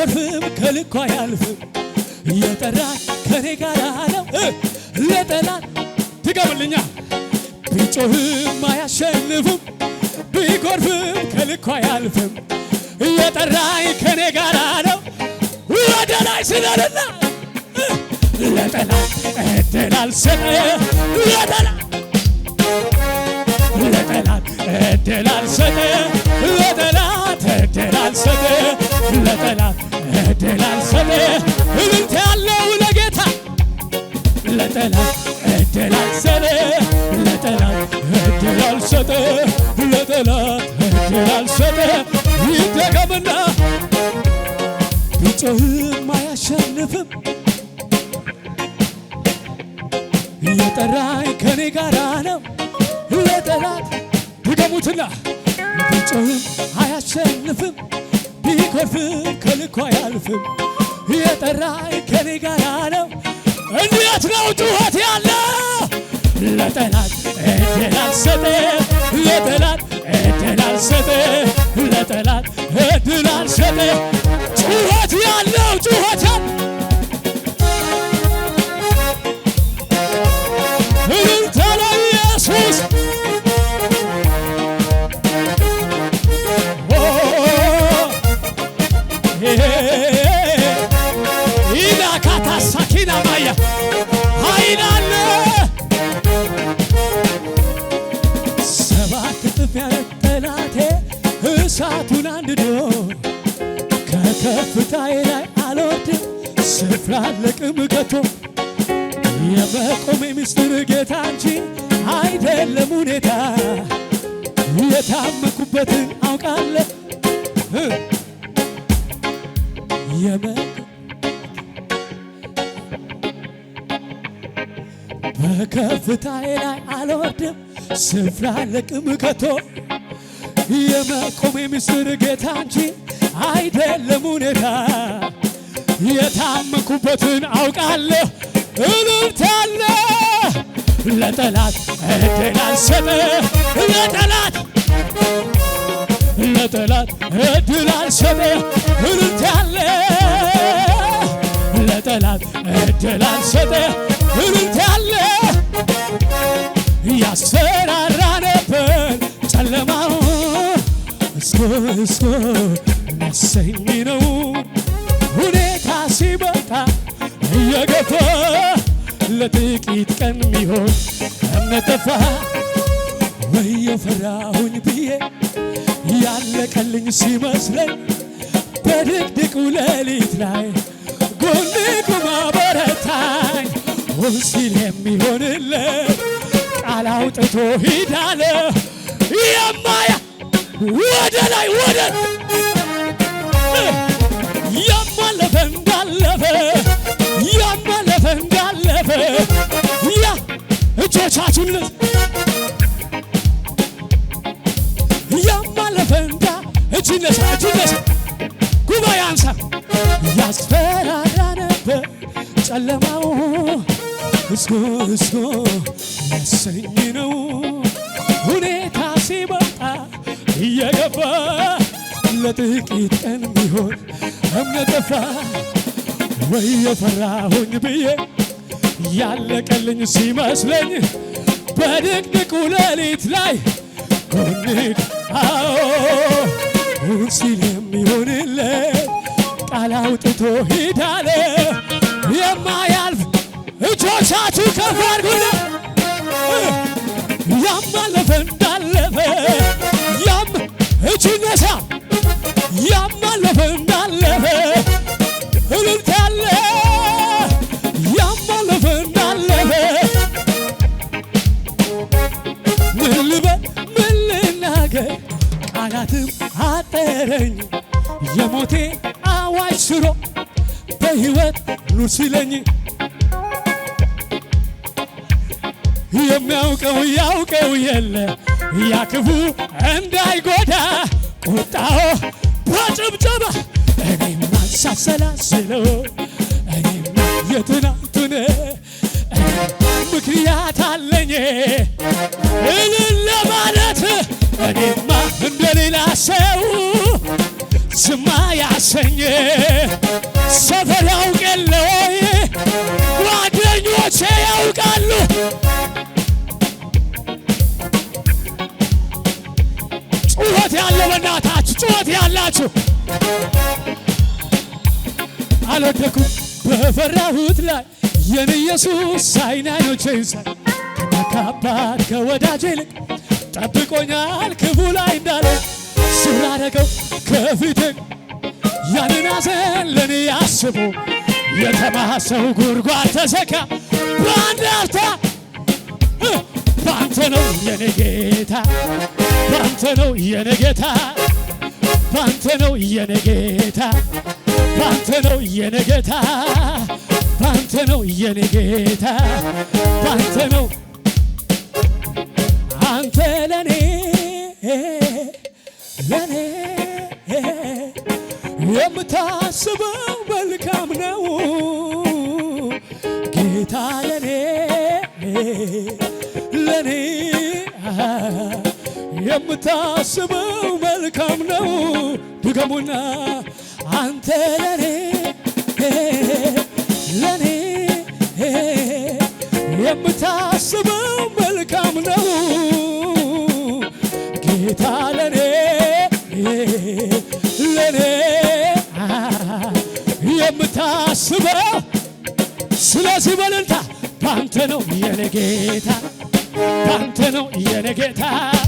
አይተርፍም ከልኳ ያልፍም እየጠራ ከኔ ጋር ነው ለጠላት ትገብልኛ ቢጮህም አያሸንፍም ቢጎርፍም ከልኳ ያልፍም እየጠራኝ ከኔ ጋር ነው ወደ ላይ ስለልና ለጠላት እድል አልሰጠ ለጠላት ለጠላት እድል አልሰጠ ለጠላት እድል አልሰጠ ለጠላት እድል አልሰጠ እልልታ ያለው ለጌታ ለጠላት እድል አልሰጠ ለጠላት እድል አልሰጠ ለጠላት እድል አልሰጠ ይደገምና ቢጮህም አያሸንፍም የጠራኝ ከኔ ጋራ ነው ለጠላት ድገሙትና ቢጮህም አያሸንፍም ቢኮርፍም ከልኳ አያልፍም። የጠራኝ ከኔ ጋር ነው። እንዴት ነው ጩኸት ያለ ለጠላት እድል አልሰጠ ለጠላት እድል አልሰጠ ለጠላት እድል አልሰጠ ጩኸት ያለው ጩኸት ኢላካታሳኪና ማያ ኃይላለ ሰባት ያለ ጠላቴ እሳቱን አንድዶ ከከፍታዬ ላይ አልወድም ስፍራ አለቅም ከቶ የመቆሜ ምስጢር ጌታ እንጂ አይደለም ሁኔታ የታመኩበትን አውቃለሁ የበግ በከፍታዬ ላይ አልወርድም፣ ስፍራ ለቅም ከቶ የመቆሜ ምስር ጌታ እንጂ አይደለም ሁኔታ። የታመኩበትን አውቃለሁ። እልልታለ ለጠላት እድል አልሰጥም ለጠላት ለጠላት እድል አልሰጠ እልልታ አለ ለጠላት እድል አልሰጠ እልልታ አለ ያሰራራ ነበር ጨለማው እስኮ እስኮ የሚያሰኝ ነው ሁኔታ ሲበቃ እየገፋ ለጥቂት ቀን ሚሆን እምነት ጠፋ ወይ የፈራሁኝ ብዬ ያለቀልኝ ሲመስለኝ በድቅድቁ ሌሊት ላይ ጎን ቁማ በረታኝ ሁን ሲል የሚሆንለት ቃል አውጥቶ ሂዳለ የማያ ወደ ላይ ወደ ያማለፈ እንዳለፈ ያማለፈ እንዳለፈ ያ እጆቻችሁን አለፈንዳ እጅ ነሳ እጅ ነሳ ጉባኤ አንሳ ያስፈራራ ነበር ጨለማው እስጎ እስጎ ያሰኝ ነው ሁኔታ ሲመጣ እየገባ ለጥቂት ቀን ቢሆን እምነት ጠፋ ወይ የፈራሁኝ ብዬ ያለቀልኝ ሲመስለኝ በድቅድቁ ሌሊት ላይ ጎኔ ይሁን ሲል የሚሆንለት ቃል አውጥቶ ሂዳለ የማያልፍ እጆቻችሁ ከፍ አድርጉና ያም አለፈ እንዳለፈ ያም እጅ ነሳ ያም አለፈ በሕይወት ኑር ሲለኝ የሚያውቀው ያውቀው የለ ያ ክፉ እንዳይጎዳ ቁጣው በጭብጨባ እኔማ ሳሰላስለው እኔማ የትናንቱን ምክንያት አለኝ እልል ለማለት እኔማ እንደሌላ ሰው ዝማ ያሰኘ ሰፈር ያውቅ የለ ወይ? ጓደኞቼ ያውቃሉ። ጩኸት ያለው በእናታችሁ ጩኸት ያላችሁ አልወደኩም በፈራሁት ላይ የኔ ኢየሱስ አይናኖቼ ሳይ ከአባት ከወዳጅ ይልቅ ጠብቆኛል ክፉ ላይ እንዳለ ስላደረገው ከፊቴ ያንን ለኔ ያስቡ የተማሰው ጉድጓድ ተዘጋ ባንተ ነው የኔ ጌታ ባንተ ነው የኔ ጌታ ባንተ ነው የኔ ጌታ ባንተ ነው የኔ ጌታ ባንተ ነው የኔ ጌታ ባንተ ነው አንተ ለኔ ለኔ የምታስበው መልካም ነው ጌታ ለኔ ለኔ የምታስበው መልካም ነው ድገሙና አንተ ለኔ ለኔ የምታስበው መልካም ነው ጌታ አስበ ስለዚህ በልልታ ባንተ ነው የኔ ጌታ ባንተ ነው የኔ ጌታ